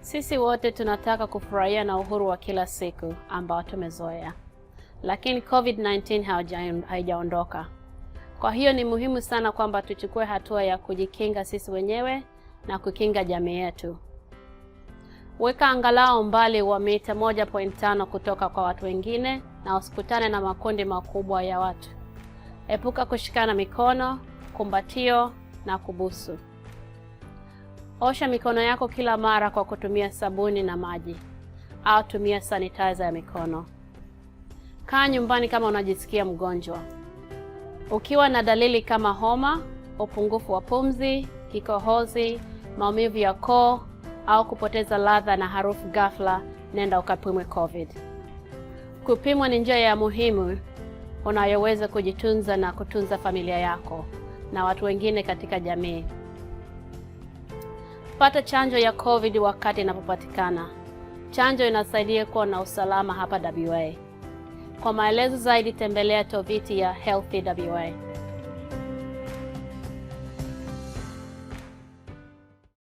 Sisi wote tunataka kufurahia na uhuru wa kila siku ambao tumezoea, lakini COVID-19 haijaondoka. Kwa hiyo ni muhimu sana kwamba tuchukue hatua ya kujikinga sisi wenyewe na kukinga jamii yetu. Weka angalau umbali wa mita 1.5 kutoka kwa watu wengine na usikutane na makundi makubwa ya watu. Epuka kushikana mikono, kumbatio na kubusu. Osha mikono yako kila mara kwa kutumia sabuni na maji au tumia sanitizer ya mikono. Kaa nyumbani kama unajisikia mgonjwa. Ukiwa na dalili kama homa, upungufu wa pumzi, kikohozi, maumivu ya koo au kupoteza ladha na harufu ghafla, nenda ukapimwe COVID. Kupimwa ni njia ya muhimu unayoweza kujitunza na kutunza familia yako na watu wengine katika jamii. Pata chanjo ya COVID wakati inapopatikana. Chanjo inasaidia kuwa na usalama hapa WA. Kwa maelezo zaidi tembelea tovuti ya Healthy WA.